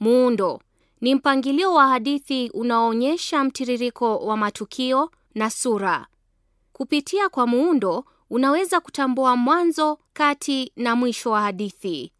Muundo ni mpangilio wa hadithi unaoonyesha mtiririko wa matukio na sura. Kupitia kwa muundo, unaweza kutambua mwanzo, kati na mwisho wa hadithi.